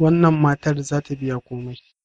Wannan matar za ta biya komai.